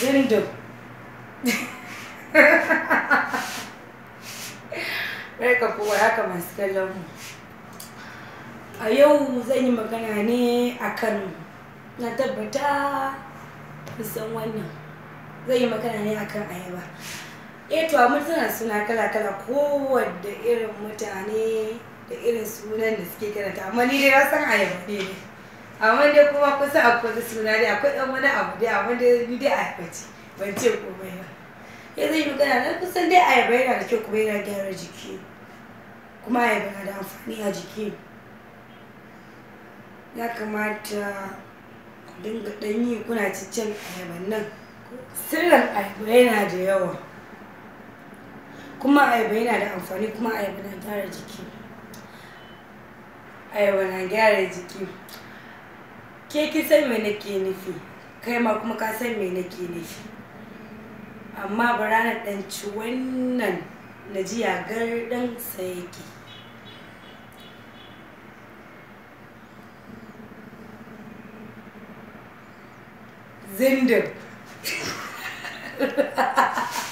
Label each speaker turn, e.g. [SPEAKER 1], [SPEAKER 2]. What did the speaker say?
[SPEAKER 1] zindu Reka kuwa haka masu mu a yau zan yi magana ne akan na tabbata kusan wannan zan yi magana ne akan ayaba eh a mutuna suna kala kala kowanne irin mutane da irin sunan da suke karanta amma ni dai na san ayaba ne amma dai kuma kusa a kusa suna dai akwai ɗan wani abu dai amma dai ni dai a haifaci ban ce komai ba ya zai yi gana na kusan dai ayaba yana da kyau kuma yana gyara jiki kuma ayaba na da amfani a jiki ya kamata ku dinga ɗan yi kuna cicen ayaban nan sirrin ayaba yana da yawa kuma ayaba yana da amfani kuma ayaba na gyara jiki ayaba na gyara jiki ke ki san me nake nufi kai ma kuma ka san me nake nufi amma barana na dan ci wannan na ji yagar dan sa yake